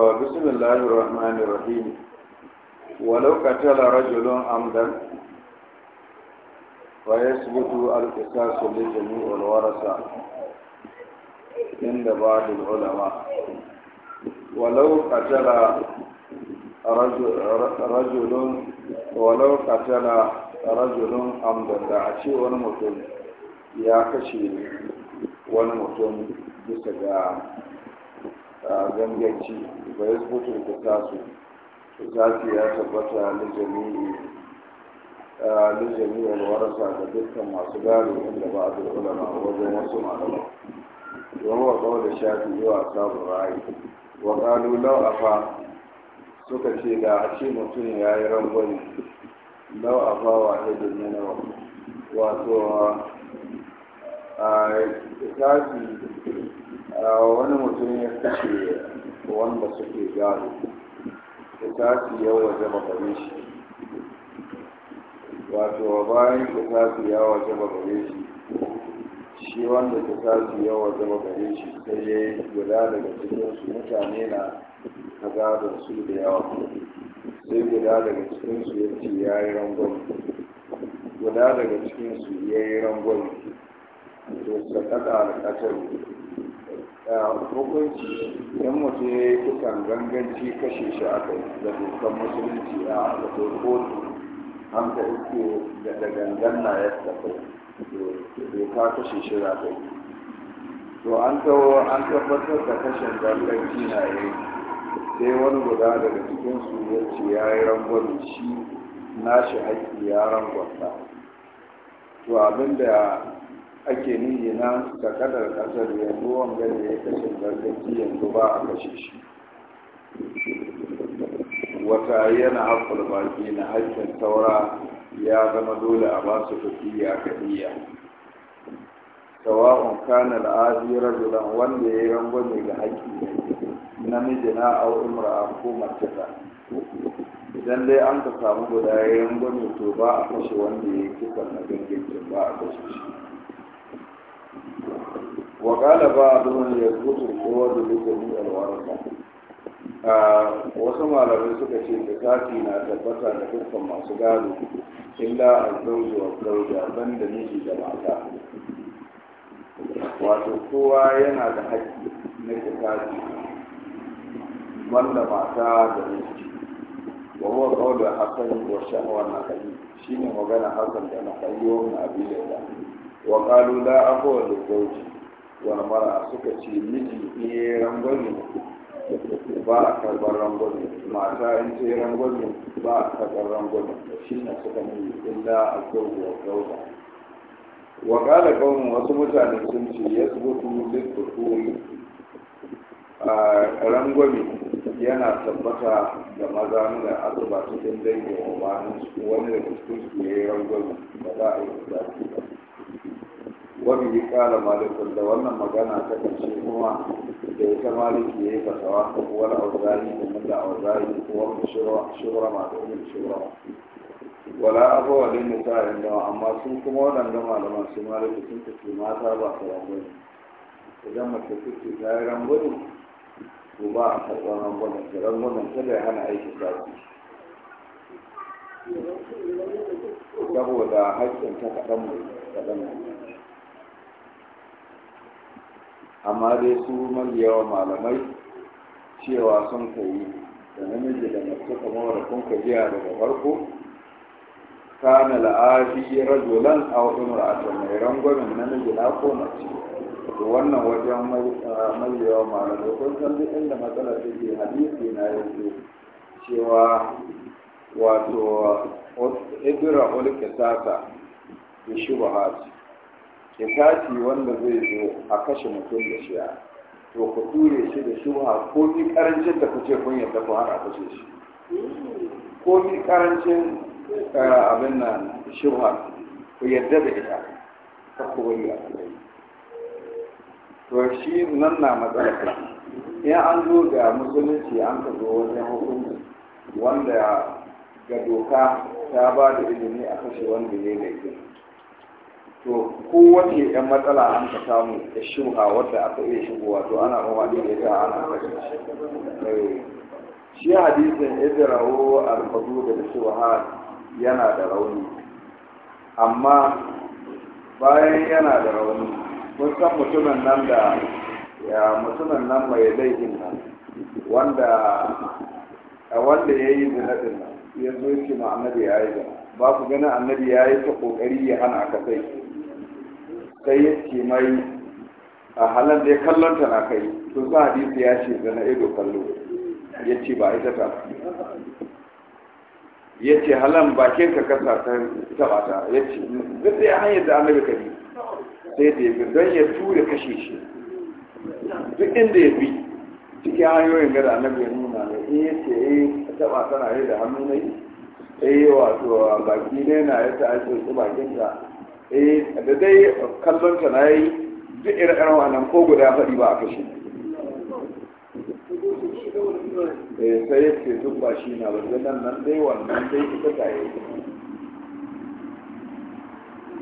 to bismillahir rahmanir rahim walau qatala rajulun amdan fa yasbutu al-qisas li jami'il warasa inda ba'd ulama walau qatala rajulun walau qatala rajulun amdan da a ce wani mutum ya kashe wani mutum bisa ga A ganganci ba ya zubutu da tasu tasu ya tabbata na jami'i na jami'ar warasa da dukkan masu gado inda ba a ulama wajen wasu malama don wa kawo da shafi yawa sabon rayu wa kalu lau'afa suka ce da a ce mutum ya yi rangwani lau'afa wa hidin nuna wato a tafi Ah, wani mutum ya kashe wanda suke gado kisasi ya waje bakare shi wato bayan kisasi ya waje bakare shi shi wanda kisasi ya waje bakare shi sai ya yi guda daga cikinsu mutane na kazadar su da yawa sai guda daga cikinsu ya ce ya yi rangon guda daga cikinsu ya yi rangon to sakata da kacar hukunci in mutu ya yi kusan ganganci kashe shi a kai da dukkan musulunci a wato kotu an ka iske da gangan na ya tafi doka kashe shi a kai. to an tawo an tabbatar da kashin ganganci na yi sai wani guda daga cikin su ya ce ya yi rangwame shi na shi haƙƙi ya rangon ta, to abinda ake nihi na ga kadar kasar yanzu wanda ya kashe gargaji yanzu ba a kashe shi wata yana haƙul baki na haƙƙin taura ya zama dole a ba su tafiya kadiya sawa'un kana al'adi rajulan wanda ya yi rangwame ga haƙƙi namiji na au a ko mace ta idan dai an ka samu guda ya yi rangwame to ba a kashe wanda ya yi kusan na gangan ba a kashe shi وقال بعضهم يثبت القوة لجميع الورثة wasu malamai suka ce zakati na tabbata da dukkan masu gado illa azzauji wa zauja banda miji da mata wato kowa yana da haƙƙi na zakati banda mata da miji wa huwa qawlu hasan wa shahwa na kai shine magana hasan da na kai wa abin da wa ƙalu la abuwa da zauji wa mara suka ce miji iya rangwani ba a karɓar rangwani mata in ce rangwani ba a karɓar rangwani shi na suka nuni illa a zauji wa zauji wa ƙala ƙaunin wasu mutane sun ce ya zubutu littafuri a rangwani yana tabbata da maza nuna asuba cikin dangin umarnin wani da kuskus ne ya yi rangwani ba za a yi zafi ba wani yi kala malikun da wannan magana ta kace kuma da ita maliki ya yi fasawa wani auzari da mutu auzari ko wani ma da wani shura wala abuwa da yin sa'ayin inda amma sun kuma waɗanda malaman su maliki sun tafi mata ba su rangwani idan mace kuke ta yi rangwani ko ba a karɓar rangwamen ta rangwamen ta da hana aiki sati saboda haƙƙin ta kaɗan mai kaɗan mai amma dai su mabiyawa malamai cewa sun kai da namiji da mace kamar da kun kajiya daga farko kana la'afi rajulan wasu imra'atan mai rangwamen namiji na ko mace da wannan wajen mabiyawa malamai kun san duk inda matsala ke hadisi na yanzu cewa wato ibra ulkisasa da shubuhati itati wanda zai zo a kashe mutum da shiya to ku ture shi da shubha ko ni karancin da kuce kun yadda ku hana kashe shi ko ni karancin eh, abin nan shubha ku yadda da ita ta ku bari a kai to shi nan na matsala kai in an zo ga musulunci an ka zo wajen hukumar wanda ga doka ta ba da ilimi a kashe wanda ya yi laifin to kowace yan matsala an ka samu da shuha wadda aka iya shigowa to ana ne da ita ana kashe eh, shi hadisin idrawo al-fadu da shubha yana da rauni amma bayan yana da rauni kun san mutumin nan da ya mutumin nan mai laifin nan wanda wanda ya yi zinadin nan ya zo shi ma annabi ya yi ba ku gani annabi ya yi ta kokari ya hana ka sai sai ya ce mai a halar da ya kallonta na kai to ba hadisi ya ce zana ido kallo ya ce ba ita ta ya ce halin bakin ka kasa ta taba ta ya ce duk da hanyar da annabi kari sai da ya bi don ya tura kashe shi duk inda ya bi cikin hanyoyin gada annabi ya nuna ne in ya ce eh ka taba tana yi da hannu na yi eh wato baki ne na ya ta ake su bakin eh da dai kallon ta na yi duk irin irin wannan ko guda faɗi ba a kashe eh sai ya ce duk ba shi na ba nan nan dai wannan dai ita ta yi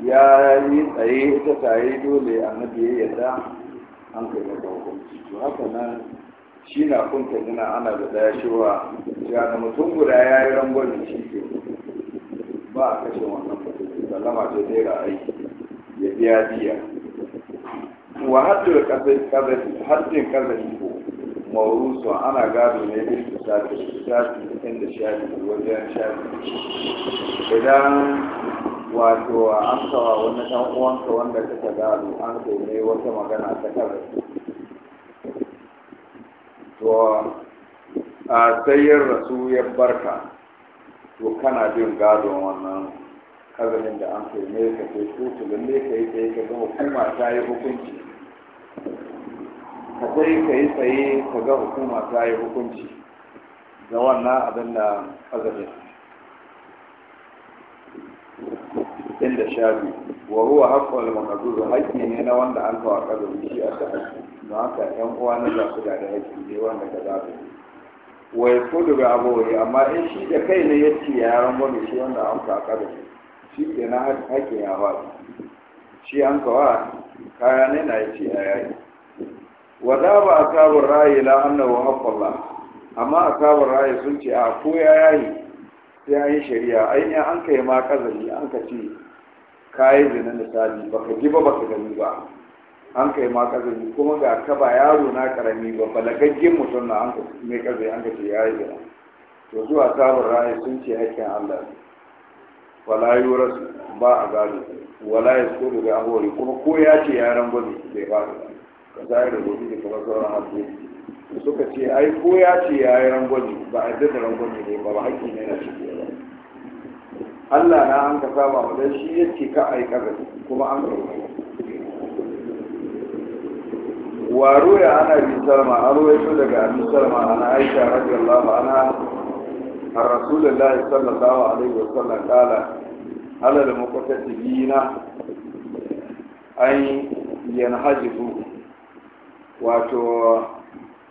ya yi tsaye ita ta yi dole annabi ya yarda an kai da kawo to haka nan shi na kunta gina ana da daya shiwa ya mutum guda ya yi da shi ke ba a kashe wannan mutum sallama ce naira aiki ya biya biya wa haddin kazafi haddin kazafi ko maurusu ana gado ne bin lissafi lissafi inda shafi wajen shafi idan wato an kawa wani dan uwanka wanda kaka gado an kai ne wata magana ta kazafi to a sayin rasu ya barka to kana bin gadon wannan Kazanin da an fi ne ka kai kotu lalle ka yi tsaye ka ga hukuma ta yi hukunci ka kai ka yi tsaye ka ga hukuma ta yi hukunci da wannan abin da azumin inda shafi wa huwa haqqul maqdur haƙƙi ne na wanda an kawo da shi a ta haƙƙi don haka ƴan uwa na za su da haƙƙi ne wanda ka za su Wai yakudu daga abawi amma in shi da kai ne yace yaran gwamnati shi wanda an kawo shi shi ke na haƙe ya ba shi an kawa kaya ne na yace a yayi wada ba a kabin raye la annahu haqqallah amma a kabin raye sun ce a ko ya yayi sai an yi shari'a ai ya an kai ma kazali an ka ce kayi zina misali baka ji ba baka gani ba an kai ma kazali kuma ga ka ba yaro na karami ba balagaggen mutum na an ka mai kazali an ka ce yayi zina to zuwa sabon raye sun ce haƙƙin Allah ne wala yuras ba a gado wala ya so daga ahori kuma ko ya ce yaran gwani bai ba da ka zai da gobe da kamar sauran haƙƙi suka ce ai ko ya ce yaran gwani ba a da rangwani ne ba ba haƙƙi ne na ciki ba Allah na an ka saba wa dan shi yake ka ai kaza kuma an ka waro ya ana bi salma an rawaito daga abi salma ana aisha radiyallahu anha ar rasulullahi sallallahu alaihi wasallam ala da makwatati na an yanhajizu wato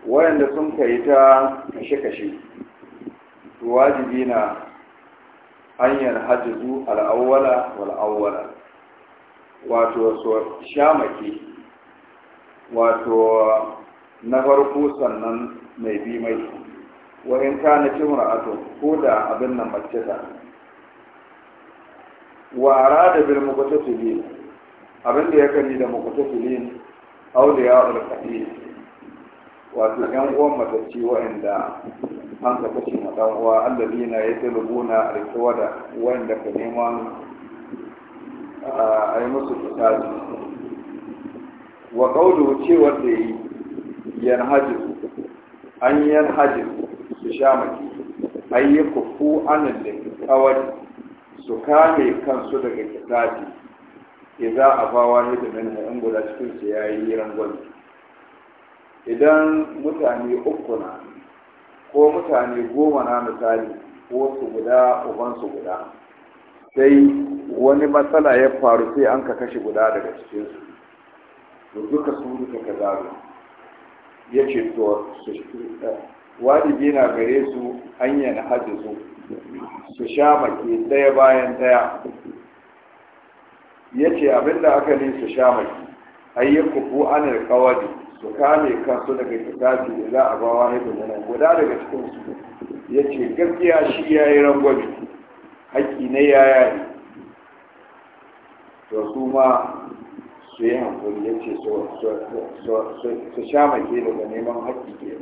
wayanda sun kai ta kashe-kashe wajibi na hanyar hajizu al'awwala wal'awwala wato so shamaki wato na farko sannan mai bi mai wa'in ka na ko da abin nan mace ta wa arada bil muqtatilin abin da ya kani da muqtatilin awliya ul qadir wato yan uwan matacci wa'anda an ka kashe na dan uwa alladina yatalubuna wa wa'anda ka neman a yi musu fitaji wa qawlu cewa da yi yan yanhajizu an yanhajizu su sha maki ayyuku ku anan da kawai su kame kansu daga za idza bawa ne da minha in guda cikin su yayi rangon idan mutane uku na ko mutane goma na misali ko su guda uban su guda sai wani matsala ya faru sai an ka kashe guda daga cikin su to duka su duka kazaru ya ce to su wajibi na gare su hanyar hajji su su sha maki ɗaya bayan ɗaya ya ce abinda aka ne su sha maki ayyuku ko anar kawadi su kame kansu daga kitafi da za a ba wani da guda daga cikin su ya ce gaskiya shi ya yi rangwami haƙƙi na yaya ne to su ma su yi hankali ya ce su sha maki daga neman haƙƙi ke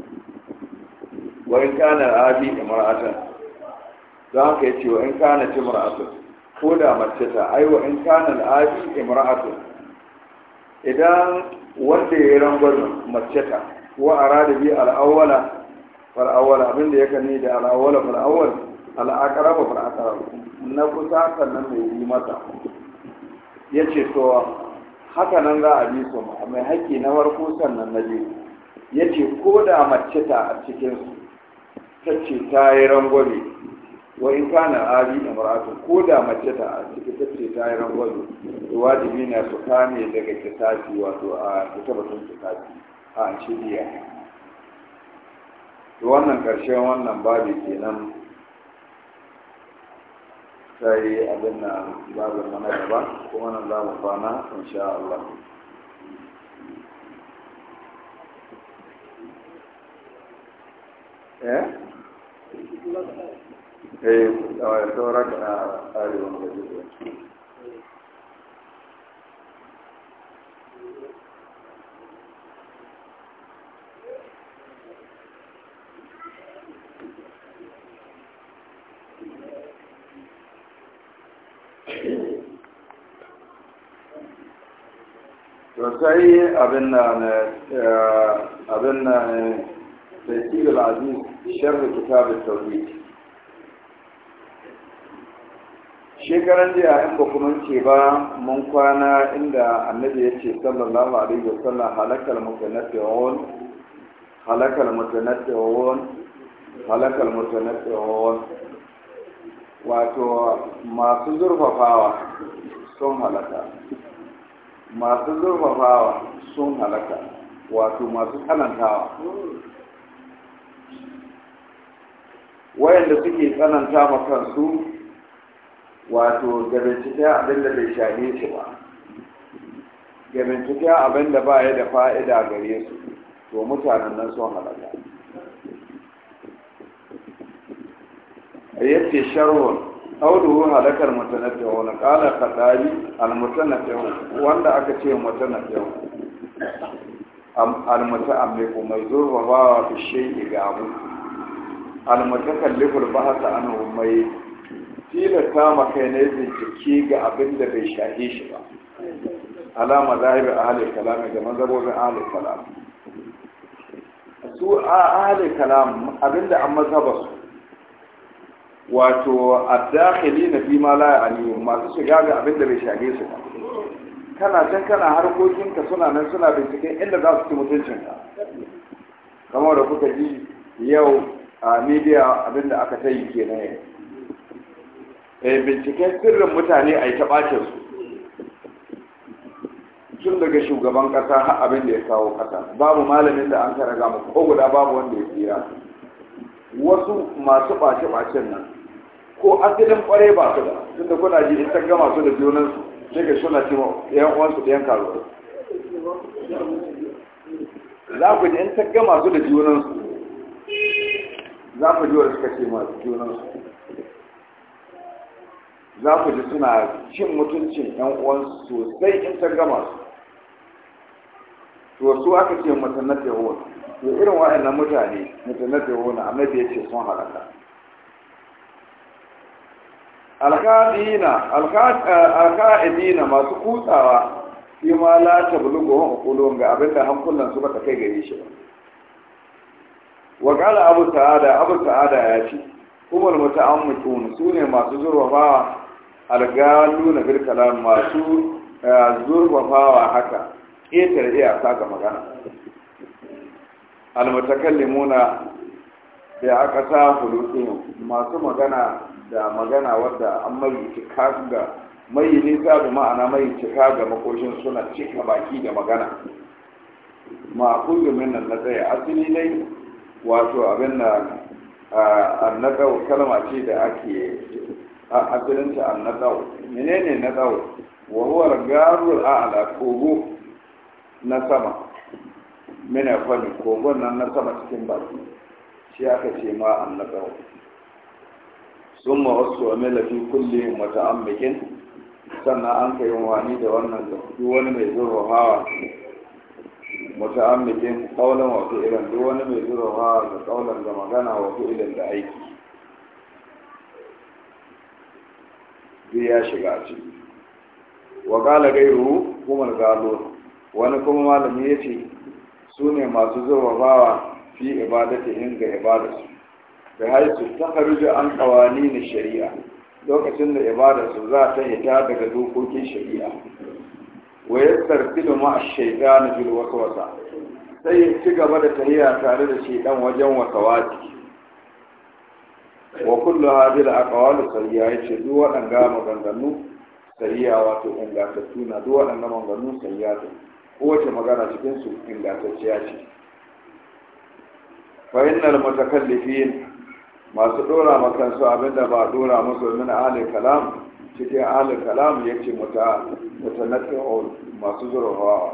wani kanar abi da mara'atar don haka ya ce wa in kana ci mura'atun ko da mace ta ai wa in kana al'abi imra'atun idan wanda ya yi rangon mace ta wa rada bi al'awwala fal'awwal abinda ya yakan da al'awwala fal'awwal al'akarafa fal'aqrab na kusa sannan mai yi mata ce to haka nan za a bi su mai haƙƙi na farko sannan na biyu Ya ce ko da mace ta a cikin ta ce ta yi rangwame wa in kana ali imra'atu ko da mace ta cikin tace ta yi rangwazo to wajibi ne su kame daga kitabi wato a ita batun kitabi a shiriya to wannan karshe wannan babu kenan sai abin na babu mana gaba kuma nan za mu kwana insha Allah eh eh a da jirgin abin na eh, abin na eh, da aziz sharri kitabin tauhid shekaran jiya in ba kuma ce ba mun kwana inda annabi ya ce sallallahu alaihi wa sallam halakal mutanatti'un halakal mutanatti'un halakal mutanatti'un wato masu zurfafawa sun halaka masu zurfafawa sun halaka wato masu tsanantawa wayanda suke tsananta ma kansu wato ga binciken abin da bai shahe shi ba ga binciken abin da ba ya da fa'ida gare su to mutanen nan sun halaka yace sharhun qawluhu halakar mutanabbihu qala qadari al mutanabbihu wanda aka ce mutanabbihu am al muta'ammiqu mai zurfafa fi shay'i ga abu al mutakalliful bahasa anhu mai tilasta ma kai na bincike ga abin da bai shahe shi ba alama zahiri a halin kalami da mazabobin halin A su a halin kalam da an mazaba su wato dakili na fi ma a niyu masu shiga ga abin da bai shage su ba kana can kana harkokinka suna nan suna binciken inda za su ci mutuncinka kamar da kuka ji yau a media abinda aka ta yi kenan yau Eh, binciken sirrin mutane a yi ta ɓacin su tun daga shugaban ƙasa har abin da ya kawo ƙasa babu malamin da an kara gama ko guda babu wanda ya tsira wasu masu ɓace-ɓacen nan ko asalin ƙware ba su da tun da kuna ji in ta gama su da junansu sai ka suna yan ɗayan uwansu ɗayan karo za ku ji in ta gama su da junansu za ku ji wa suka ce masu junansu za ku ji suna cin mutuncin yan uwansu sosai in ta gama su to su aka ce mutanat yahuna to irin wa'annan mutane mutanat yahuna annabi ya ce sun halaka alka'idina eh, alka'idina masu kutsawa fi ma la tablugu hum qulun ga abinda hankulan su baka kai gare shi ba wa qala abu sa'ada abu sa'ada ya ce kuma su sune masu zurwa ba algalu na birkala kalam masu eh, zurfafawa haka ƙetare iyaka ga magana almutakallimuna da aka sa hulutun masu magana da magana wadda an mai cika ga mai nisa da ma'ana mai cika ga makoshin suna cika baki da magana ma kullumin nan na tsaye asali ne? wato abin eh, na annaka kalma ce da ake a asalin ta annadaw menene nadaw wa huwa garul a'la kogo na sama mena fani kogon nan na sama cikin baki shi aka ce ma Sun summa wasu amila fi kulli muta'ammikin sannan an kai wani da wannan da duk wani mai zurfafawa muta'ammikin kaulan wasu irin duk wani mai zurfafawa da kaulan da magana wasu irin da aiki Zai ya shiga a ciki wa gala gairu kuma galo wani kuma malami ya ce su ne masu bawa fi ibadata in ga ibadarsu da haisu ta harjo an kawani na shari'a lokacin da ibadarsu za ta hita daga dokokin shari'a wa ya da ma shaida na wasu wasa. sai ya ci gaba da tahiya tare da shaidan wajen wasa wajen wa kullu hadhihi al-aqwal sariya yace duk waɗanga maganganu sariya wato ingantattu na duk waɗanga maganganu sariya ta kowace magana cikin su ingantacciya ce fa innal mutakallifin masu dora ma su abinda ba dora musu min ahli kalam cikin ahli kalam yace muta mutanattu masu zurfawa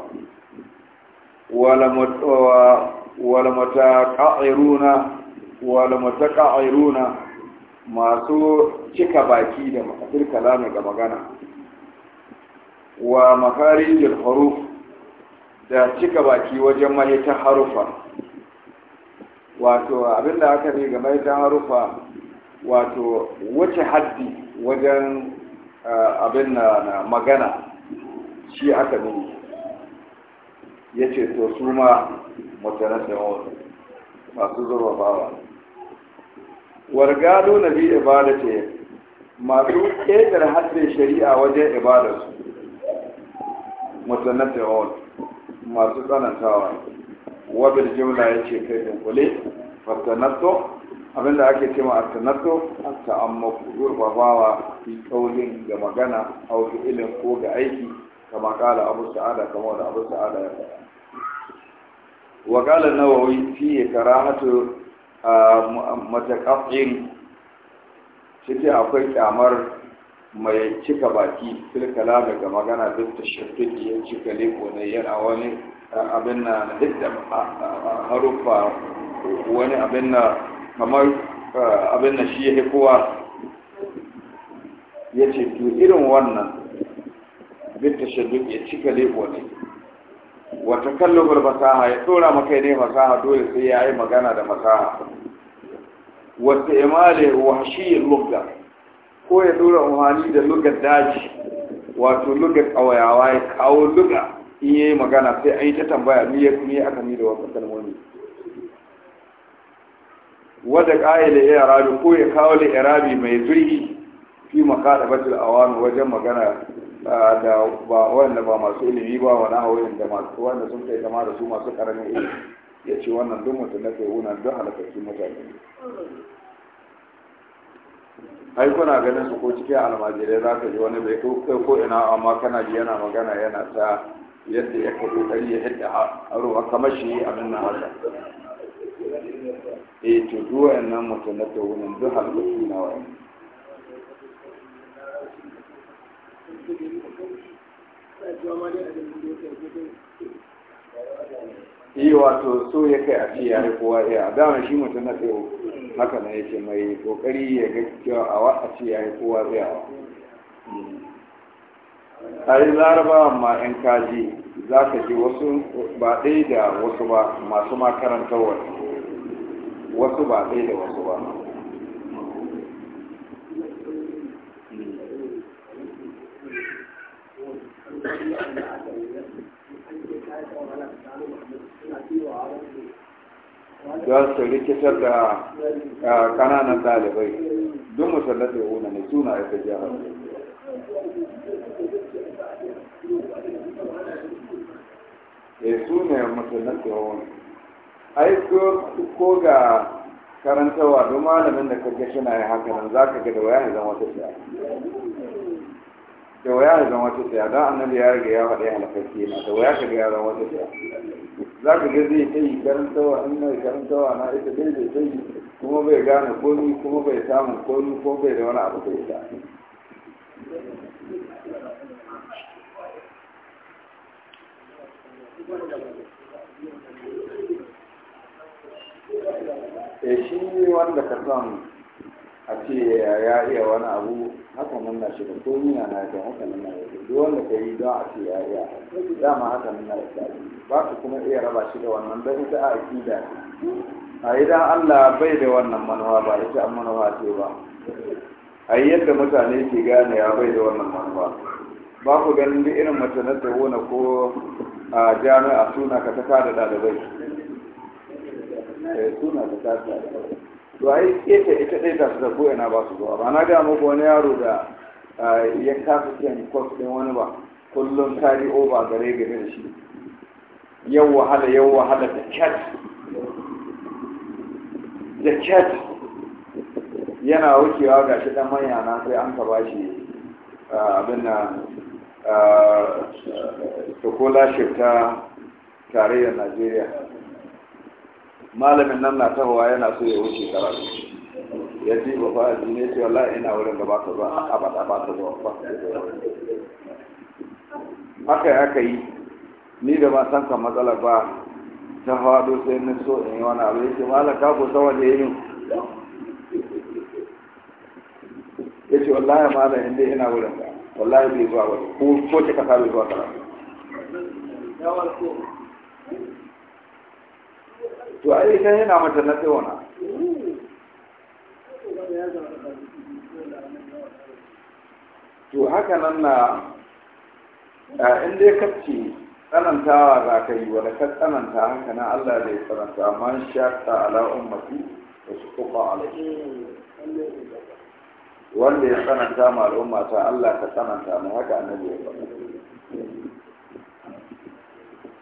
wala mutawa wala mutaqairuna wala mutaqairuna masu cika baki da makasir kalamar ga magana wa makarijin haruf da cika baki wajen mahaitar harufa wato abinda aka ne ga mahaitar harufa wato wace haddi wajen eh, abin na magana shi aka ne? ya ce to su ma mutanen da masu bawa wargado na bi ce masu ƙetar haddin shari'a wajen ibadarsu mutanatti'un masu tsanantawa wabil jimla ya ce kai dunkule fatanatto abinda ake ce ma atanatto ta'ammaku babawa fi kaulin ga magana au ga ilin ko ga aiki kama kala abu sa'ada kama da abu sa'ada ya faɗa wa kala nawawi fi karahatu matakaffin ciki akwai kyamar mai cika baki filkala daga magana duk da shirfiki ya cika leko ne yana wani abin na duk da haruffa wani abin na kamar abin na shi ya kowa ya ce irin wannan duk da shirfiki ya cika leko ne wata kallobar fasaha ya tsora maka ne fasaha dole sai ya yi magana da fasaha wata imale wahshiyin lugga ko ya tsora umarni da lugar daji wato lugar kawayawa ya kawo lugga in ya yi magana sai an yi ta tambaya ni ya kuma yi aka ni da wasu kalmomi wadda ƙa'ila ya rabi ko ya kawo da irabi mai zurgi fi batul awan wajen magana da ba wanda ba masu ilimi ba wani hawayin da masu wanda sun kai zama da su masu karamin ilimi ya ce wannan duk mutum na kai wuna duk halakaki mutane ai kuna ganin su ko cikin almajirai za ka ji wani bai kai ko ina amma kana ji yana magana yana ta yadda ya kafa kari ya hidda ruwa kamar shi abin nan haka E, to duwa nan mutum na kai wuna duk halakaki na wani yi wato so ya kai a ce ya kowa ya dama shi mutum na tsaye haka na yake mai kokari ya ga cewa a ce ya kowa tsayawa a yi zarabawa ma 'yan kaji za ka ji wasu ba ɗaya da wasu ba masu makarantar wasu ba ɗaya da wasu ba da su rikitar da kananan dalibai duk musallatai una ne suna ita jihar e su ne musallatai una ai ko ga karantawa don malamin da kaga shi na yi hakanan za ka ga da waya zan wata siya? da waya zan wata tsaya don annabi ya riga ya faɗi halakakki na da waya ka ga wata siya? za ka ga zai ta yi karantawa in mai karantawa na ita dai zai ta yi kuma bai gane komi kuma bai samun komi ko bai da wani abu bai ta e shi wanda ka samu a ce ya iya wani abu haka nan na shi da ko nuna na yadda haka nan na yadda duk wanda ka yi don a ce ya iya dama haka nan na yadda ba su kuma iya raba shi da wannan don ita a akida a idan Allah bai da wannan manuwa ba ita an manuwa ce ba a yi yadda mutane ke gane ya bai da wannan manuwa ba ku ganin duk irin mace na tsawona ko a jami'a suna ka ta kada ɗalibai eh, suna ka ta kada ɗalibai to ai kefe ita ɗaya ta su da ko ba su zuwa ba na ga muku wani yaro da ya kasa kiyan kwas ɗin wani ba kullum tari over gare gare da shi yau wahala yau wahala da cat da cat yana wucewa ga shi ɗan manya na sai an ka bashi abin na tukola ta tarayyar najeriya malamin nan na tahowa yana so ya wuce karatu ya ji ba fa ne ce wallahi ina wurin da ba ta zuwa a ba ba ta zuwa ba haka aka yi ni da ba san kan matsala ba ta hado sai na so in yi wani abu yake ka ko ta da yin ya ce wallahi malam in dai ina wurin wallahi bai zuwa waje ko ce ka sa bai zuwa karatu to yi kan yana mata na tsawona to haka nan na in ya kacce tsanantawa za ka yi wadda ka tsananta haka na Allah zai tsananta man shaƙa ala'un mafi da su kuka alaihi wanda ya tsananta ma al'umma ta Allah ka tsananta mu haka annabi ya faɗa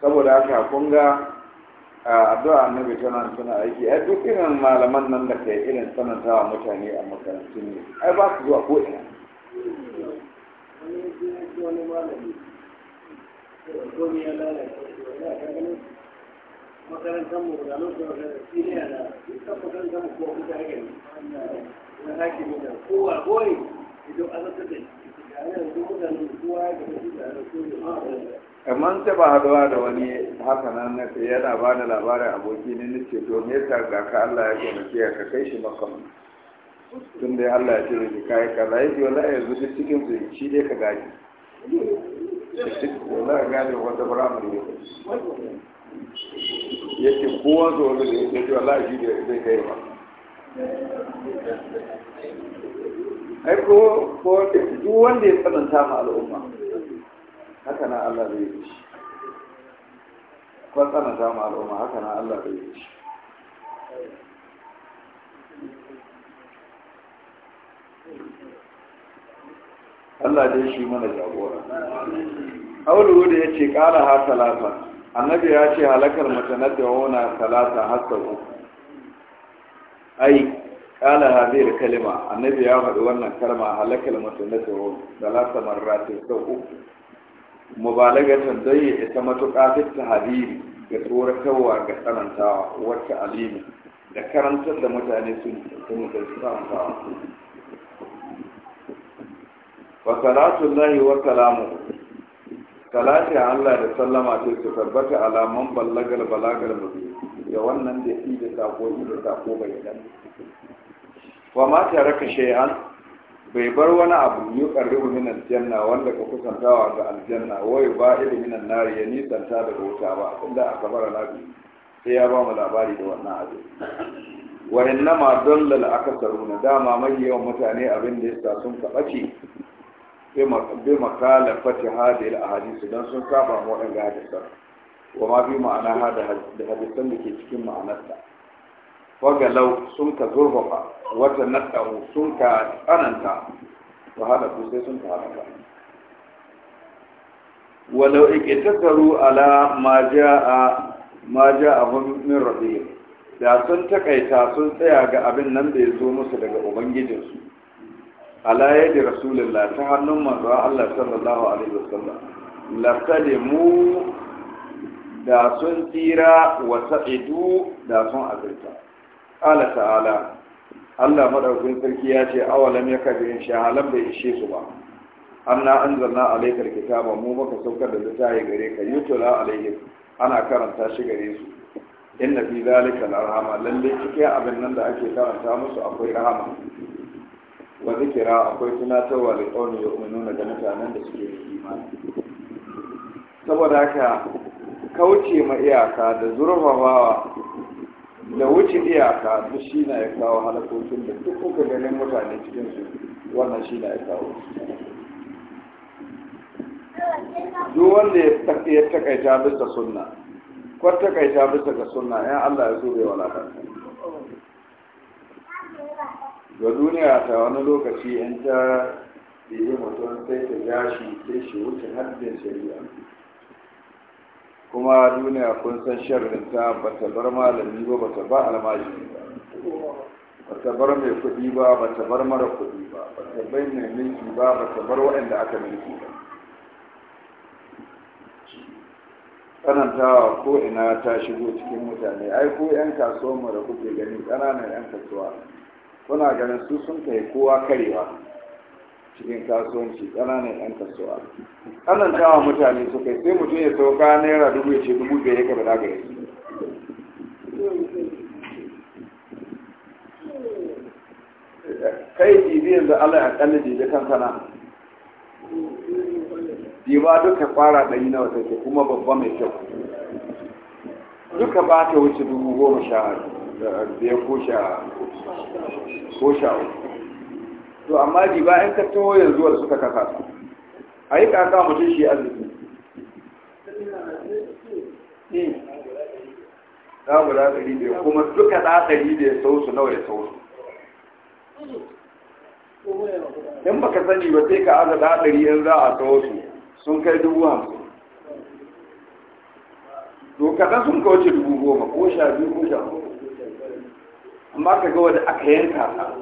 saboda haka kun ga addu'a annabi tana suna aiki ai duk irin malaman nan da kai irin sanantawa mutane a makarantun ne ai ba su zuwa ko ina makarantar mu da lokacin da siriya da dukkan makarantar mu ko kuka rage na haki ne da da da ya da man taba haduwa da wani haka nan na ta yana ba da labarin aboki ne nace to me yasa ga ka Allah ya taimake ka ka kai shi makam tun dai Allah ya taimake ka kai kaza yake wallahi yanzu duk cikin su shi dai ka gaji wallahi gaji wata firamare ne yake kowa zo da yake wallahi shi zai kai ba ai ko ko duk wanda ya tsananta ma al'umma haka na Allah zai yi shi kwan tsana ta al'umma haka na Allah zai yi shi Allah dai shi mana jagora aulu da ya ce ƙara ha talata annabi ya ce halakar mace na tawana talata har sau ai ƙala hazir kalima annabi ya faɗi wannan karma halakar mace na tawana talata marratin sau uku mubalagatan don ya isa matuƙa fit tahariri ga tsoratarwa ga tsanantawa wata alimi da karantar da mutane sun sun da tsanantawa wa salatu lahi wa salamu salati Allah da sallama ce su tabbata alaman ballagar balagal mubi ya wannan da yi da sako da sako bayanan wa ma tare ka shay'an bai bar wani abu yi ƙarfi min aljanna wanda ka kusantawa ga aljanna wai ba iri min annari ya nisanta da wuta ba inda aka bara lafi sai ya ba mu labari da wannan abu wa aka dallal akasaruna dama mai yawan mutane abin da ya yasa sun kabace bi makala fati hadil ahadisu dan sun saba mu wa ma fi ma'ana hada hadisan da ke cikin ma'anarta wagalau sun ka zurfafa wata naddahu sun ka tsananta wa ku sai sun ka halaka walau ikitasaru ala ma ja'a ma ja'a min da sun takaita sun tsaya ga abin nan da ya zo musu daga ubangijinsu ala yadi rasulullah ta hannun manzo Allah sallallahu alaihi wasallam laqadimu da sun tsira wa sa'idu da sun azurta ƙala ta'ala Allah madaukakin sarki ya ce awalam ya kafi in sha halam bai ishe su ba anna anzalna alaykal kitaba mu baka saukar da littafi gare ka yutula alayhim ana karanta shi gare su inna fi zalika al lalle cikin abin nan da ake karanta musu akwai rahama wa zikira akwai tunatarwa da kauni ya umarnuna da mutanen da suke da imani saboda haka kauce ma iyaka da zurfafawa da wuce iyaka duk shi na ya kawo halakokin da duk kuka ganin mutane cikin su wannan shi na ya kawo duk wanda ya takaita bisa sunna ko takaita bisa ga sunna ya Allah ya zobe wa lafa ga duniya ta wani lokaci in ta yi mutum sai ta gashi sai shi wuce haddin shari'a kuma duniya kun san sharrinta ba ta bar malami ba ba ta ba almajiri ba ba ta bar mai kuɗi ba ba ta bar mara kuɗi ba ba ta bai mai mulki ba ba ta bar waɗanda aka mulki ba tsanantawa ko ina ta shigo cikin mutane ai ko 'yan kasuwar mu da kuke gani ƙananan 'yan kasuwa kuna ganin su sun kai kowa karewa cikin kasuwanci ƙananan 'yan kasuwa ƙanan tawa mutane su kai sai mutum ya sauka naira dubu ya ce dubu biyar ya kaba daga yake kai jibi yanzu allah ya kalli jibi kan sana jiba duka fara ɗari na wata ke kuma babba mai kyau duka ba ta wuce dubu goma sha biyar ko sha uku to amma ji ba in ka taho yanzu suka kasa su a yi kaka mutum shi arziki ta eh. guda ɗari da kuma duka ɗa ɗari da ya sau su nawa ya sau su in baka sani ba sai ka aza ɗa ɗari in za a sau su sun kai dubu hamsin to kaɗan sun kawace dubu goma ko sha biyu ko sha amma ka ga wanda aka yanka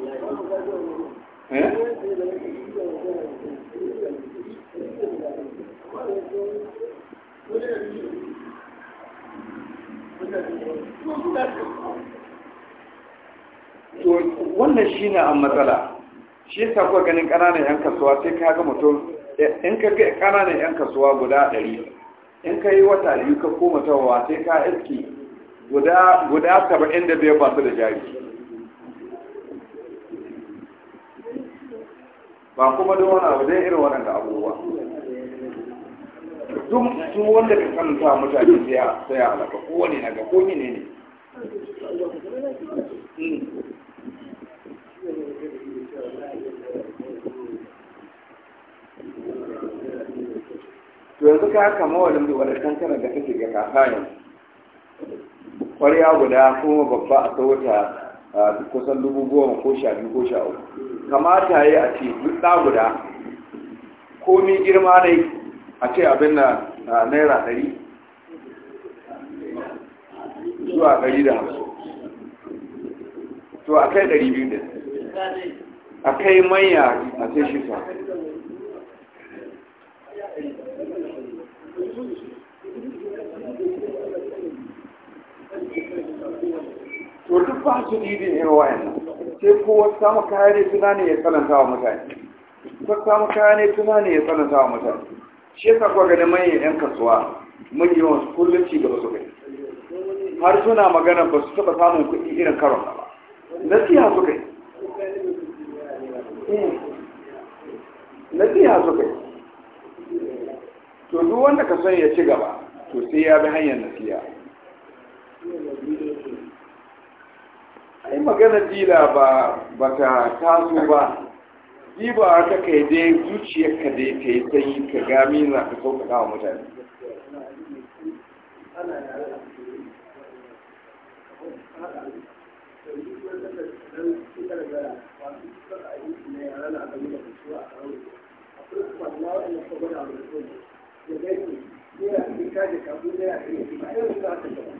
wannan shi ne an matsala shi yasa kuwa ganin ƙananan 'yan kasuwa sai ka ga mutum in ka ga ƙananan 'yan kasuwa guda ɗari, in ka yi wata biyu ka koma tawawa sai ka iski guda saba'in da ba su da jari ba kuma da wani abu zai irin waɗanda abubuwa duk su wanda ka kanta mutane sai a sai a alaka ko wani na ga ko ne ne to yanzu ka haka mawalin da wani kankana da kake ga kaka yanzu ƙwarya guda kuma babba a sauta kusan dubu goma ko sha biyu ko sha uku kamata ya yi a ce duk ɗa guda komi girma ne a ce abin na naira ɗari zuwa ɗari da hamsin to a kai ɗari biyu da a kai manya a sai shi sa ba su idin irin wayan sai kowa samu kayan ne tuna ne ya tsananta wa mutane ko samu kayan ne tuna ne ya tsananta wa mutane shi yasa kuwa ganin manyan yan kasuwa mun yi wasu kullum ci gaba su kai har suna magana ba su taba samun kuɗi irin karon ba nasiha su kai eh, nasiha su kai to duk wanda ka son ya ci gaba to sai ya bi hanyar nasiha ai magana dila ba ba ta taso ba diba ta kai dai zuciyar ka dai ta yi sanyi ka gami na ka sauƙaƙa wa mutane Thank you.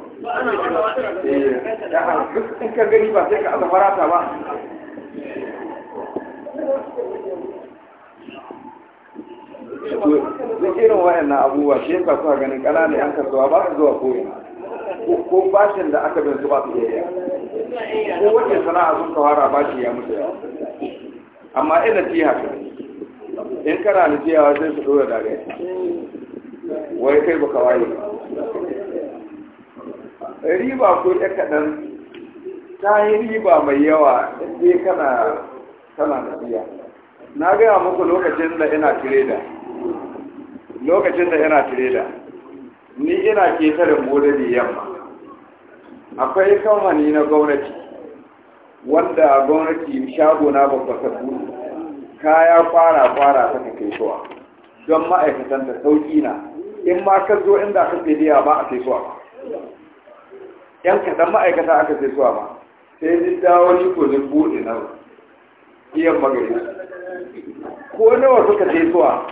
Eh, duk in ka gani ba sai ka aza farata ba duk irin waɗannan abubuwa shi yasa suka ganin ƙananan yan kasuwa ba su zuwa koyi ko bashin da aka bin su ba su iya ko wace sana'a sun kawara bashi ya mutu amma ina ci haka in kana nufiyawa sai su ɗora dare wai kai ba kawai ba riba ko ya kaɗan ta yi riba mai yawa inda kana kana biya. na gaya muku lokacin da ina tireda lokacin da ina tireda ni ina ketaren da yamma akwai kamani na gwamnati wanda gwamnati shago na babba sabu kaya fara-fara ta kai suwa don ma'aikatan ta sauki na in ma ka zo inda ka biya ba a kai suwa yan kaɗan ma'aikata aka sai suwa ma sai ji dawo ni ko ni buɗe na iya magani ko nawa suka sai suwa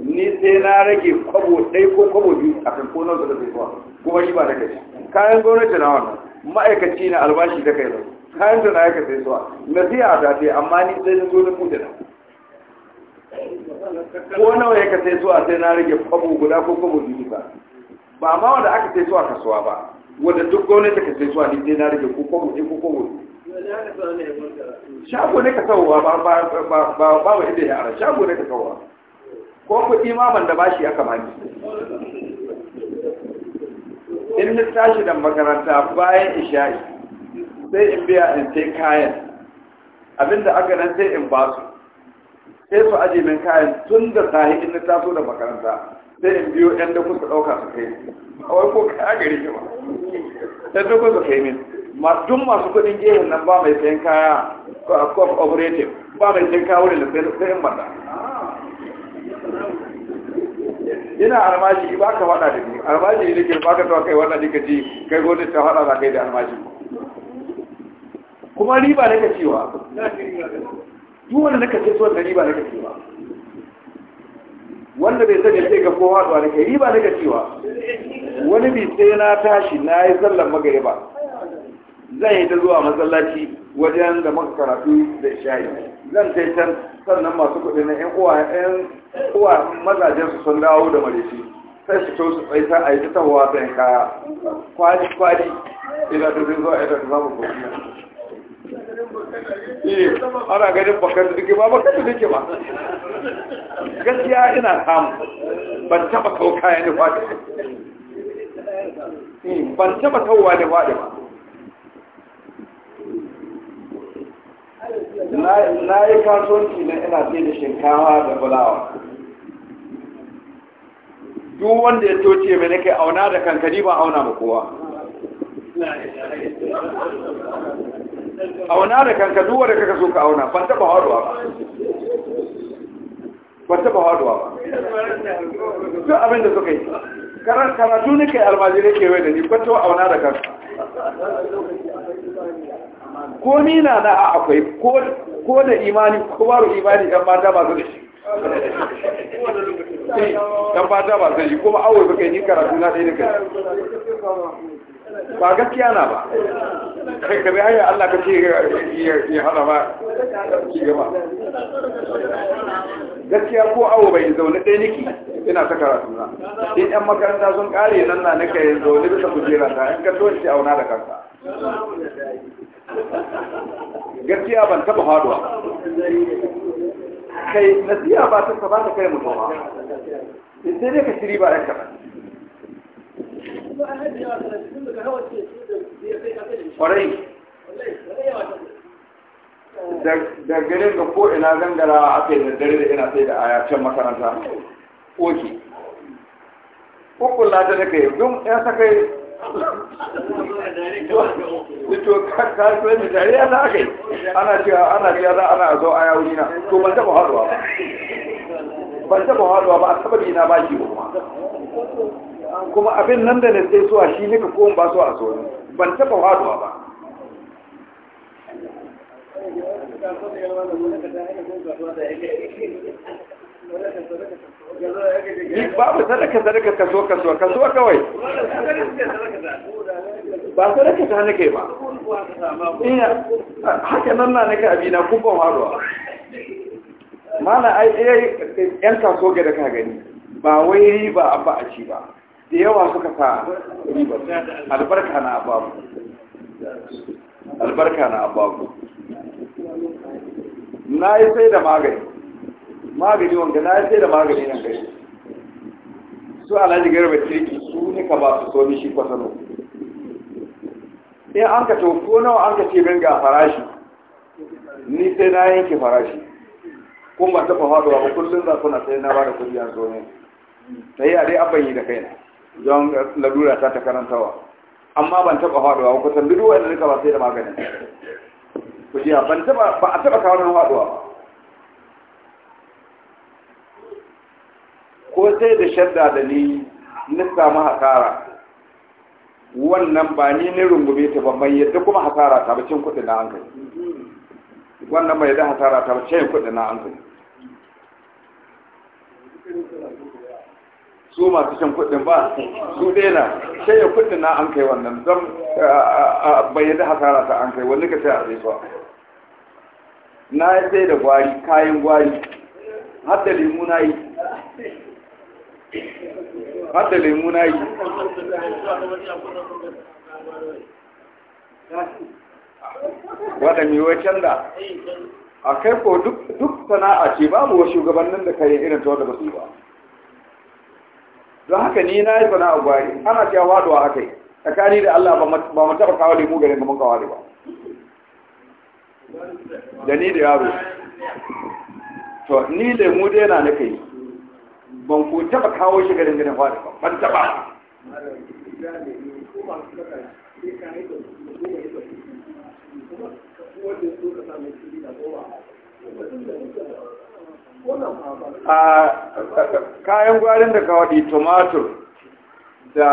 ni sai na rage kwabo ɗai ko kwabo biyu a kan ko nawa suka sai suwa kuma shi ba na kai kayan gwamnati na wannan ma'aikaci na albashi ta kai kayan da na aika sai suwa nasiha ta ce amma ni sai na zo na buɗe na ko nawa ya ka sai suwa sai na rage kwabo guda ko kwabo biyu ba ba ma wanda aka sai suwa kasuwa ba wanda duk gwamnati ka sai zuwa ne na rage ko ko ko ko shago ne ka kawowa ba ba ba ba ba inda ya ara shago ne ka kawowa ko kuɗi ma da bashi aka mani in na tashi da makaranta bayan isha'i sai in biya in sai kayan abinda aka nan sai in basu sai su aje min kayan tun da sahi in na taso da makaranta sai in biyo yan da kusa ɗauka su kai a ko kaya ne ba ta dogo su kai min duk masu kudin gehen nan ba mai sayan kaya cop operative ba mai sayan wurin da sayan mata ina almashi ba ka faɗa da ni almashi ne ke ba ka kai wannan dika ji kai gode ta faɗa da kai da almashi kuma riba ka cewa duk wanda ka ce so da riba nake cewa wanda bai sani sai ga kowa da kai riba daga cewa wani bi sai na tashi na yi sallar magariba zan yi ta zuwa masallaci wajen da maka karatu da shayi zan kai can sannan masu kuɗi na ƴan uwa yan uwa mazajen su sun dawo da mareci sai su to su tsaita a yi ta tawa zan kaya kwali kwali idan ta zai zuwa idan ta zama kuɗi Eh, ana ganin bakar da duke ba bakar da duke ba gaskiya ina samu ban taba kau kaya ba. fadi hmm, ban taba tauwa ni fadi ba na yi kasuwanci na ina ce da shinkawa da bulawa duk wanda ya toce mai nake auna da kankani ba auna ba kowa auna da kanka duwa da kaka so ka auna ban taba haruwa ba ban taba haruwa ba duk abin da suka yi karatu ne kai almajirai kewaye da ni ban taba auna da kanka ko ni na na akwai ko da imani ko baro imani yan mata ba su da shi eh, yan mata ba su da shi kuma awai baka yi karatu na ɗaya da kai ba gaskiya na ba kai ka bayan Allah ka ce ya hana ma ci gaba gaskiya ko awo bai zaune ɗaya niki ina ta karatu na in yan makaranta sun ƙare nan na nake yin zaune bisa kujera ta in ka so ci auna da kanka gaskiya ban taɓa faduwa kai nasiya ba ta ba ta kai mutuwa ba sai dai ka shiri ba ɗan kaɗan kwarai da garin ga ko ina zangara aka yi da dare da ina sai da aya can makaranta oke kukula ta da kai ya saka yi to ka so ne dare ya aka yi ana cewa ana cewa za ana zo aya wuri na to ban taba haduwa ba ban taba haduwa ba a sababi na baki ba kuma abin nan da na sai a shi ka kowon ba su a so ban taba faduwa ba babu sadaka sadaka kaso kaso kaso kawai ba sadaka ta nake ba ina haka nan na nake abina kun ban faruwa mana ai ai yan kaso ga da ka gani ba wai riba ba a ci ba da yawa suka sa albarka na ababu albarka na ababu na yi sai da magani magani wanda na yi sai da magani nan gari su alhaji garba kirki su ne ka ba su somi shi kwasano in an ka ko nawa an ka ce min ga farashi ni sai na yanke farashi kuma ta faɗuwa ba kullum za kuna sai na ba da kuɗi an zo ne ta yi a dai abin yi da kaina don larura ta ta karantawa amma ban taba faduwa ko tambi duk wanda nika ba sai da magani ku ji ban taba ba a taba kawo nan faduwa ba ko sai da shadda da ni na samu hasara wannan ba ni ne rungume ta ba mai yadda kuma hasara ta bacin kuɗi na an kai wannan mai yadda hasara ta bacin kuɗi na an kai su masu shan kuɗin ba su daina sai ya kuɗin na an kai wannan don bayyana hasara ta an kai wani ka sai a zai suwa na yi sai da gwari kayan gwari hadda da lemu na yi Hadda da lemu na yi waɗanda yiwuwa can da a kai ko duk sana'a ce babu wa shugabannin da kayan irin ta wadda ba su ba don haka ni na yi sana'a gwari ana cewa waduwa haka yi tsakani da Allah ba mu taɓa kawo lemu garin mun kawo ba da ni da yaro to ni lemu da yana na kai ban ku taɓa kawo shi garin garin fara ba ban taɓa Thank you. kayan gwarin da waɗi tomatur da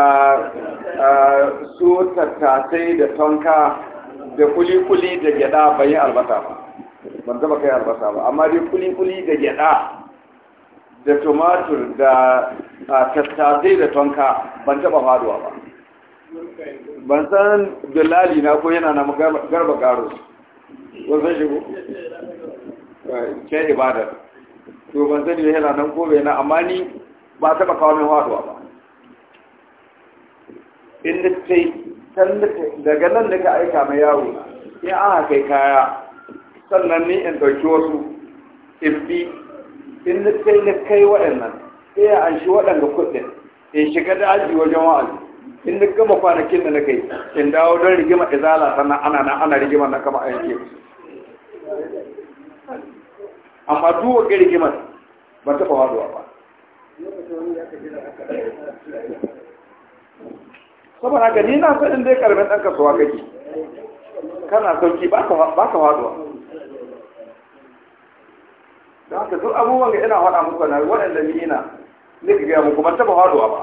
su tattasai da tonka da kuli-kuli da gyada bayan albasa ba ban taba kai albasa ba amma dai kuli-kuli da gyada da tomatur da tattasai da tonka ban taba faduwa ba ban san dalali na ko yana na garba garo wanzan shigo ke ibadar to ban sani yana nan gobe na amma ni ba ba kawo min haduwa ba in da sai san daga nan da ka aika mai yaro in aka kai kaya sannan ni in dauki wasu in bi in da sai na kai waɗannan sai ya shi waɗanda kuɗin in shiga da aji wajen wa'azi in da gama kwanakin da na kai in dawo don rigima izala sannan ana ana rigima na kama yanke su amma duk wa rigimar ban taɓa faduwa ba saboda haka ni na san in dai karamin ɗan kasuwa kake kana sauki ba ka faduwa da haka duk abubuwan ga ina faɗa muku na waɗanda ni ina ni ka gaya muku ban taɓa faduwa ba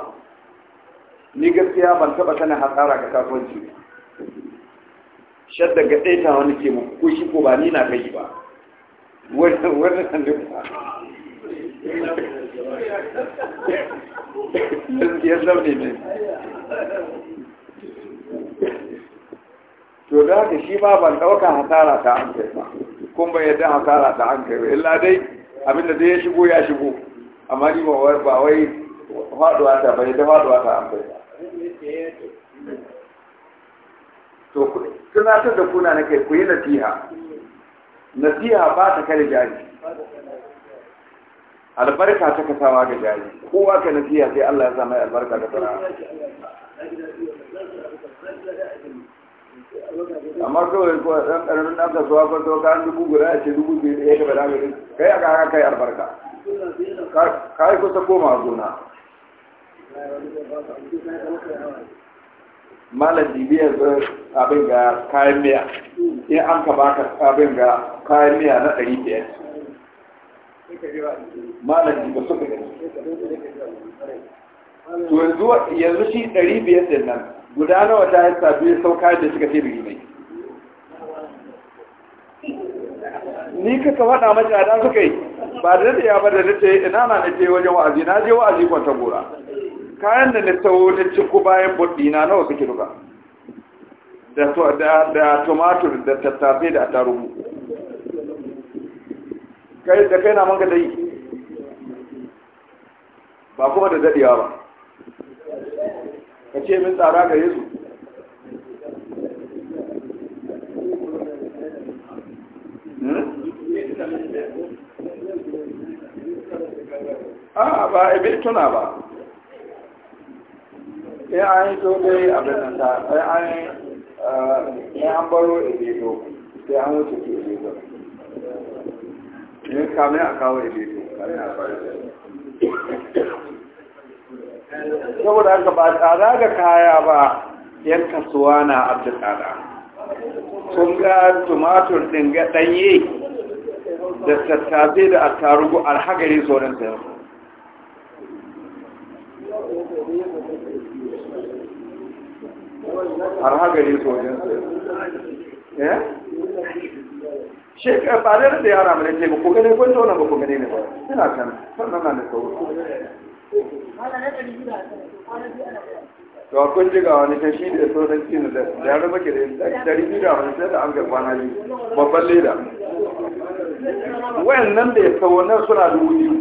ni gaskiya ban taɓa sanin hasara ga kasuwanci shadda ga ɗaya ta wani ke muku ko shi ko ba ni na kai ba wannan nufa ya ne to da shi ba ban ɗauka hasara ta an kai ba kun bai yadda hasara ta an kai ba illa dai abinda dai ya shigo ya shigo amma ni ba wai faduwa ta bai da faduwa ta an kai ba to ta da kuna nake ku yi nasiha nasiha ba ta kare jari albarka ta kasawa ga jari kowa ka nasiha sai Allah ya samu albarka ga sana'a amma kawai ko dan karamin dan kasuwa ko to ka dubu guda a ce dubu biyu ya gaba da mai kai aka aka kai albarka kai kusa koma gona malam zai abin ga kayan miya in an ka baka abin ga kayan miya na ɗari biyar malam jiba suka gani to yanzu yanzu shi ɗari biyar din nan guda nawa ta yi sabi sau kayan da suka ce da mai ni kaka faɗa mace a dan suka yi ba da ya ba da ta ina na na ce wajen wa'azi na je wa'azi kwanta gora kayan da na tawo na ciko bayan bodina nawa suke duka da tumatur da tattafe da atarugu kai da kai na manga yi. ba kuma da dadewa ba ka ce min tsara ga yesu hmm? a ah, ba ibe tuna ba in an yi so dai abin da in eh, an baro ibeto sai an wuce ke ibeto ne kamin a kawo ibeto saboda haka ba tsada ga kaya ba yan kasuwa na abin tsada sun ga tumatur ɗin ga ɗanye da tattabe da attarugu alhagari sauran sayarwa har gari sojin su ya shekar tsadar da yara mai ke ko gane kwan tauna ba ko gane ne ba suna kan sannan na da sauri to kun ji ga wani kashi da don cinu da ya raba ke da dari biyu da wani sai da an ga kwana yi babban leda nan da ya sau na suna dubu biyu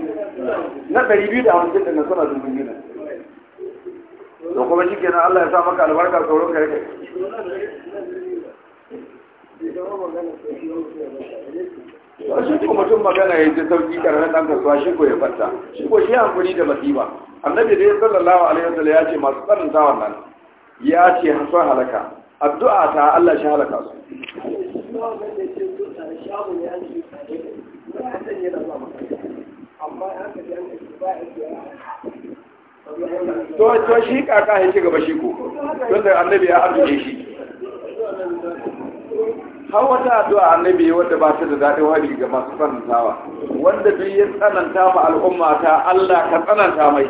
na dari biyu da hamsin da na suna dubu biyu to kuma shi kenan Allah ya sa maka albarka tsoron ka rike shi ko mutum magana ya ji sauki karar dan kasuwa shi ko ya fata shi ko shi hankuri da masiba annabi da ya sallallahu alaihi wasallam ya ce masu tsarin ta nan ya ce hasuwa halaka addu'a ta Allah shi halaka su amma an ka ji an ka ba a to shi kaka ya ci gaba shi ko don da annabi ya arzike shi har wata addu'a annabi wanda ba ta da daɗin wani ga masu tsanantawa wanda duk ya tsananta ma al'umma ta Allah ka tsananta mai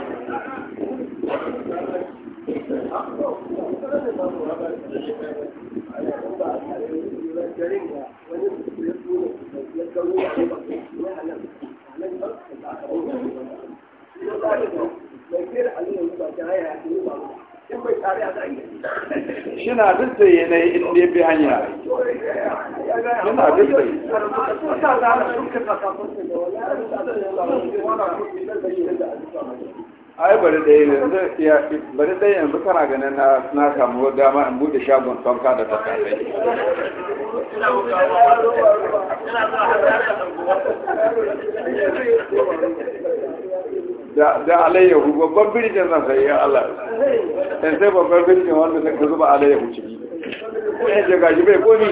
Thank you. shina duk da yanayi in ne bi hanya shina duk da ai bari da yanzu ya bari da yanzu kana ganin na na samu dama in bude shagon tonka da tattafai da alayyahu babban birnin nan sai ya Allah sai eh, sai babban birnin wanda sai ka zuba alayyahu ciki ko in je gaji bai komi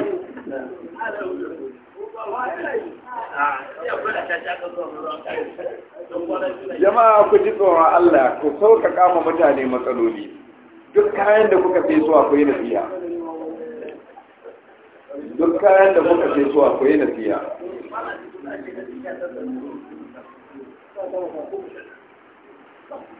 jama'a ku ji tsoron Allah ku sauka kama mutane matsaloli duk kayan da kuka fi zuwa ku yi nasiya duk kayan da kuka fi zuwa ku yi nasiya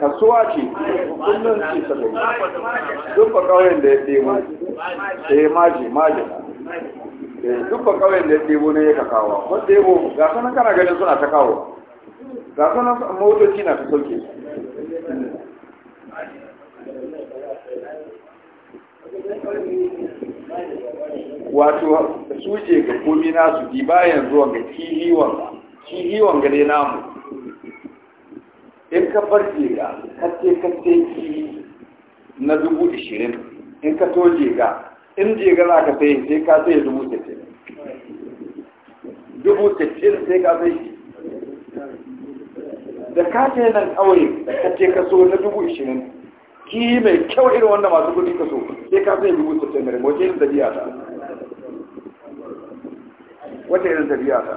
kasuwa ce kullum ce ta da duk ba ƙauyen da ya ɗebo yi eh, maji maji eh, duk ba kawai da ya ɗebo na ya kakawa ko ɗebo ga sanan kana ganin suna ta kawo ga sanan motoci na ta sauke wato suje ga komi nasu di bayan zuwa ga kihiwan kihiwan gare namu in ka farce ga kace kace ki na dubu ashirin. in ka to jega in jega za ka sai sai ka sai dubu sittin dubu sittin sai ka sai da ka ce nan kawai ka ce ka so na dubu ashirin, ki mai kyau irin wanda masu kudi ka so sai ka sai dubu sittin da wace irin tafiya ta wata irin tafiya ta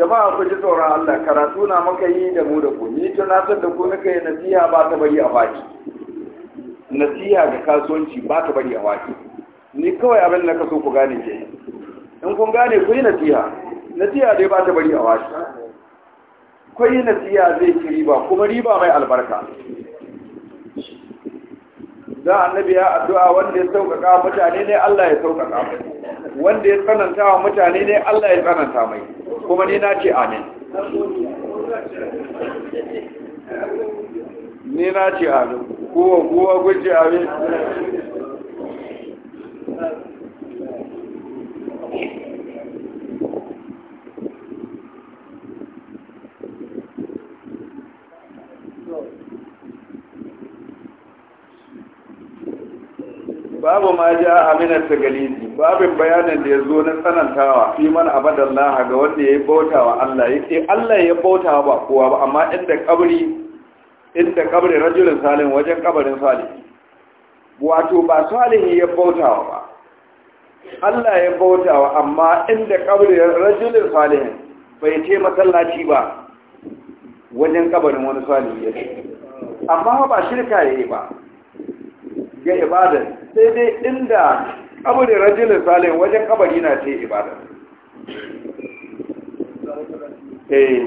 jama'a ku ji tsoron Allah karatu na muka yi da mu da ku ni tunatar da ku muka yi nasiha ba ta bari a faɗi nasiha ga kasuwanci ba ta bari a faɗi ni kawai abin da ka so ku gane ke in kun gane ku yi nasiha nasiha dai ba ta bari a faɗi ku yi nasiha zai ci riba kuma riba mai albarka don annabi ya addu'a wanda ya sauƙaƙa mutane ne Allah ya sauƙaƙa wanda ya tsananta wa mutane ne Allah ya tsananta mai kuma ni na ce amin ni na ce amin kowa kowa guje amin babu ma ja amina tagalidi babin bayanin da ya zo na tsanantawa fi man abadallah ga wanda ya bautawa Allah yake Allah ya bautawa ba kowa ba amma inda kabri inda kabri rajulin salim wajen kabarin salim wato ba salihi ya bautawa ba Allah ya bautawa amma inda kabri rajulin salim bai ce masallaci ba wajen kabarin wani salihi ya amma ba shirka yayi ba ga ibada sai dai inda kabarin rajulun salihin wajen kabari na ce ibada eh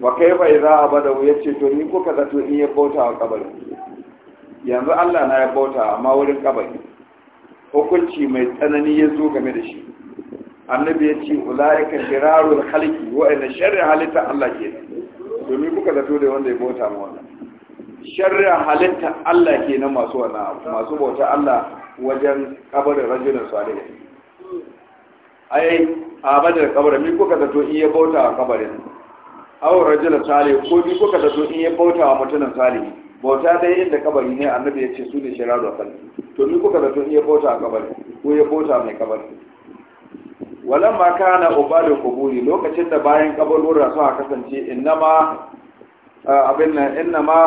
wa kaifa idza wa yace to ni ko kaza to in ya bauta a kabarin yanzu Allah na ya bauta amma wurin kabari hukunci mai tsanani ya zo game da shi annabi ya ce ulaika shirarul khalqi wa inna sharri halita Allah ke domin kuka zato da wanda ya bauta ma wannan sharrin halitta Allah ke na masu wana masu bauta Allah wajen kabarin rajulun salihu ai a badar kabarin mi kuka zato in ya bauta wa kabarin aw rajulun salihu ko mi kuka zato in ya bauta wa mutunan salihu bauta dai inda kabari ne annabi ya ce su ne da kan to mi kuka zato in ya bauta wa kabarin ko ya bauta mai kabarin walamma kana ubadu quburi lokacin da bayan rasu a kasance innama abin nan inna ma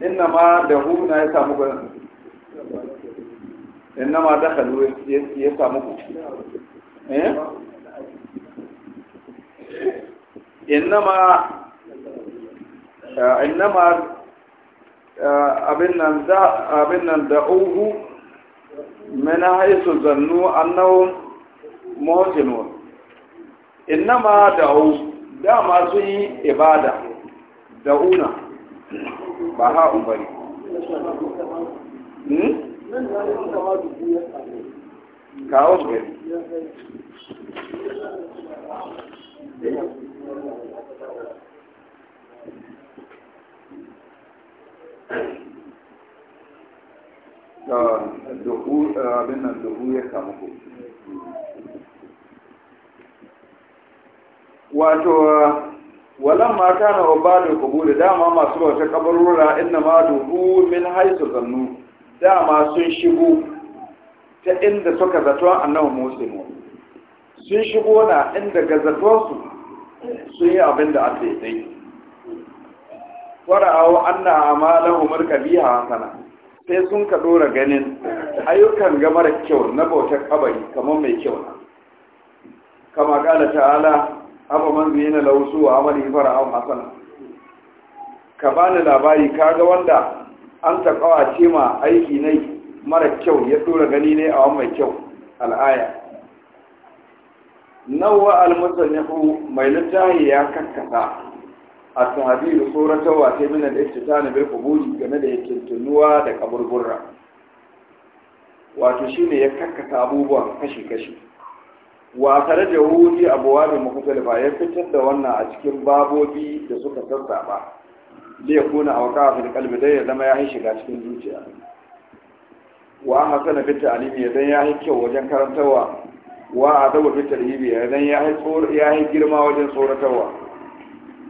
inna ma da huna ya samu ku inna ma da halu ya samu ku eh inna ma inna ma abin nan da abin nan da uhu mana haisu zannu annahu muhsinun inna ma uhu. dama sun yi ibada da una ba ha bari hmm? kawo gari da eh, abin nan duhu ya ku wato walan ma kana kubu da dama masu bauta kabarura inna ma dubu min haisu zannu dama sun shigo ta inda suka zato annabi musulmi sun shigo na inda gazato su sun yi abin da aka yi na Umar, amalahu markabiha hasana sai sun ka dora ganin ayyukan ga mara kyau na bautar kabari kamar mai kyau kama kala ta'ala abu man zai yana lausu wa amali fara'ahu hasana ka bani labari ka ga wanda an taɓawa ce ma aiki na mara kyau ya tura gani ne a wani mai kyau al'aya nawa al-musannifu mai littafi ya kakkasa a sahabi da tsoratawa ta min ta iftitani bil game da tunuwa da kaburburra wato ne ya kakkasa abubuwan kashe kashi wa kharaja hu fi abwab mukhtalifa ya fitar da wannan a cikin babobi da suka sassaba da ya kuna a waka fil qalbi dai ya zama ya yi shiga cikin zuciya wa hasana fit ta'limi ya dan ya yi kyau wajen karantawa wa adabu fit tarhibi ya dan ya yi tsor ya yi girma wajen tsoratawa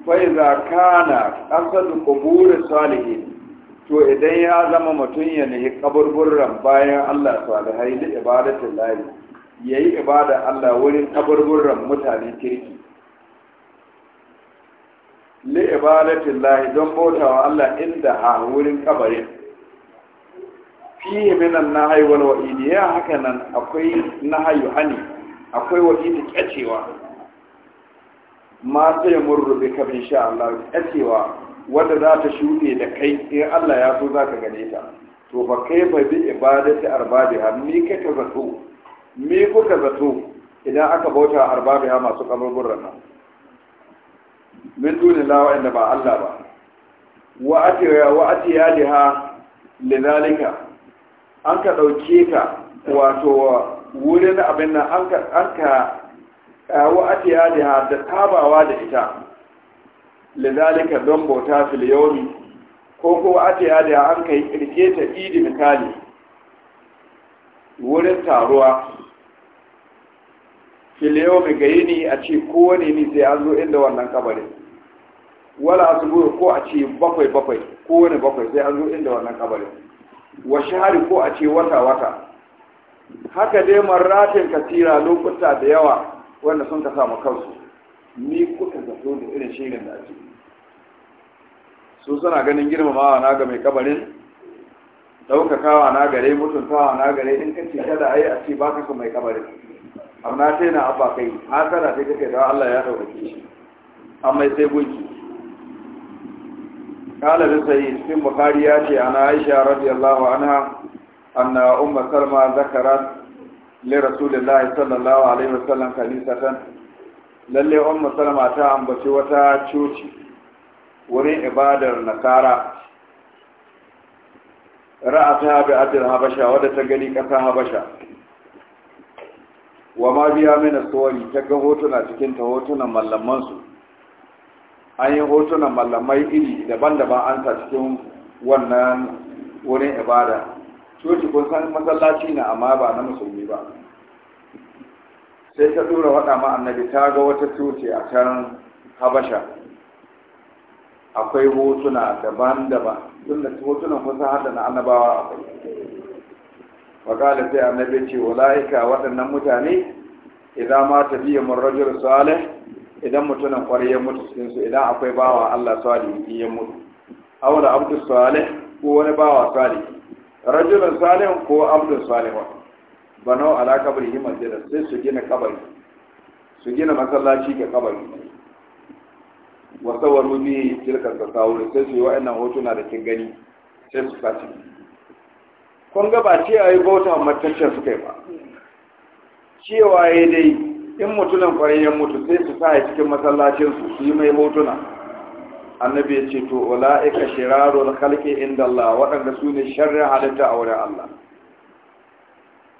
fa iza kana qasadu qubur salihin to idan ya zama mutun ya ne kaburburran bayan Allah salihai da ibadatin lahi ya yi ibada Allah wurin kaburburan mutanen kirki li ibadatin lahi don bautawa Allah inda a wurin kabarin fi minan na haiwar wa'idi ya haka nan akwai na hayu hani akwai kacewa ma masu ya bi ka insha Allah kacewa wanda za ta shuɗe da kai in Allah ya so za ka gane ta to ba kai ba bi ibadati arbabiha ni kai ka zato me kuka zato idan aka bauta arbabiya masu kaburburan nan min duni lawa inda ba Allah ba wa ati wa atiya liha lidalika an ka dauke ka wato wurin abin nan an ka an ka eh, wa liha da tabawa da ita lidalika don bauta fil yawmi ko ko ya liha an kai kirke ta idi misali wurin taruwa filiyo mai gayi ne a ce kowane ne sai an zo inda wannan kabarin wala asubu ko a ce bakwai bakwai kowane bakwai sai an zo inda wannan kabarin wa shahari ko a ce wata wata haka dai maratin kasira lokuta da yawa wanda sun ka samu kansu ni kuka zato da irin shirin da ake su suna ganin girmamawa na ga mai kabarin daukakawa na gare mutuntawa na gare in kan cika da ai a ce ba ka mai kabarin abu na ce na abba kai hasara ta kake da Allah ya ɗauki shi amma sai gunki kalabin sai cikin bukari ya ce ana aisha radiyallahu anha anna umma salma zakara li rasulillahi sallallahu alaihi wasallam kalisatan lalle umma salma ta ambaci wata coci wurin ibadar nasara ra'ata bi adil habasha wadda ta gani kasa habasha wa ma biya mina tsori ta ga hotuna cikin ta hotunan mallamansu an yi hotunan mallamai iri daban-daban an ta cikin wannan wurin ibada coci kun san masallaci ne, amma ba na musulmi ba sai ta dora waɗa ma annabi ta ga wata coci a can habasha akwai hotuna daban-daban tun da hotunan kusa hada na annabawa akwai wakala sai annabi ce wala'ika waɗannan mutane idan ma ta biya murrajul salih idan mutumin kwarai mutu cikin su idan akwai bawa Allah salih in ya mutu aw da abdu salih ko wani bawa salih rajulun salih ko abdu salih banau ala kabri masjidan sai su gina kabari su gina masallaci ga kabari wasawaru ni bi tilka tasawur sai su yi wa'annan hotuna da kin gani sai su sace kun ga ba ce ayi bauta matacce suka yi ba cewa ya dai in mutunan kwarayyen mutu sai su sa cikin masallacin su su yi mai hotuna annabi ya ce to ula'ika shirarul khalqi inda Allah waɗanda su ne sharrin halitta a wurin Allah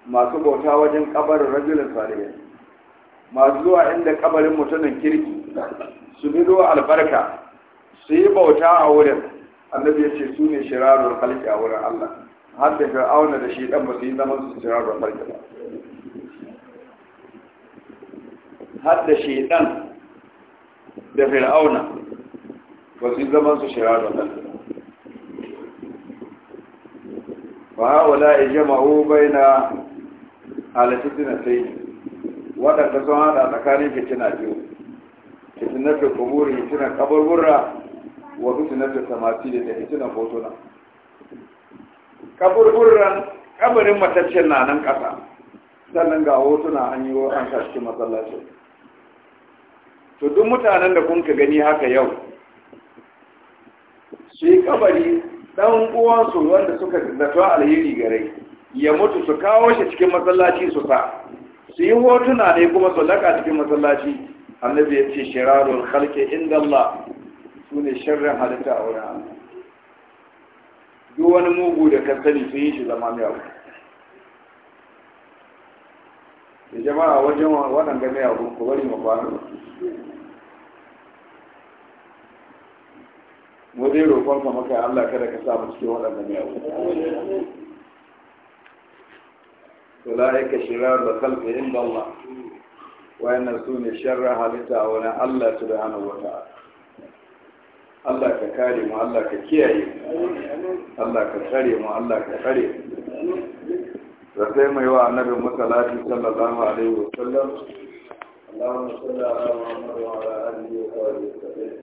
masu bauta wajen kabarin rajulin salihin masu zuwa inda kabarin mutunan kirki su bido albarka su yi bauta a wurin annabi ya ce su ne shirarun halki a wurin Allah har da auna da shi dan basu yi zaman su shirarun halki ba har da shedan da fir'auna ba su yi zaman su shirarun halki ba hawala ya jama'u bai na halittu na sai waɗanda sun haɗa tsakanin fitina biyu fitinafi kuburi fitinan kaburbura wa fitinafi samati da fitinan hotuna kaburburan kabarin mataccen na nan ƙasa sannan ga hotuna an yi an sa cikin masallacin to duk mutanen da kun ka gani haka yau shi kabari dan uwansu wanda suka zato alheri gare ya mutu su kawo shi cikin masallaci su sa su yi hotuna ne kuma su laka cikin masallaci annabi ya ce Shirarwar halke inda Allah su ne shirin halitta a wurin hannu duk wani mugu da ka sani sun yi shi zama mai abu da jama'a wajen waɗanda mai abu ku bari mu kwana mu dai roƙon ka maka Allah kada ka sa mu cikin waɗanda mai abu ulaika Shirarwar halke inda Allah wayannan su ne sharra halitta a wani Allah su da hana wata Allah ka kare mu Allah ka kiyaye Allah ka tsare mu Allah ka tsare da sai mai wa annabi musallati sallallahu alaihi wa sallam Allahumma salli ala Muhammad wa ala alihi wa sahbihi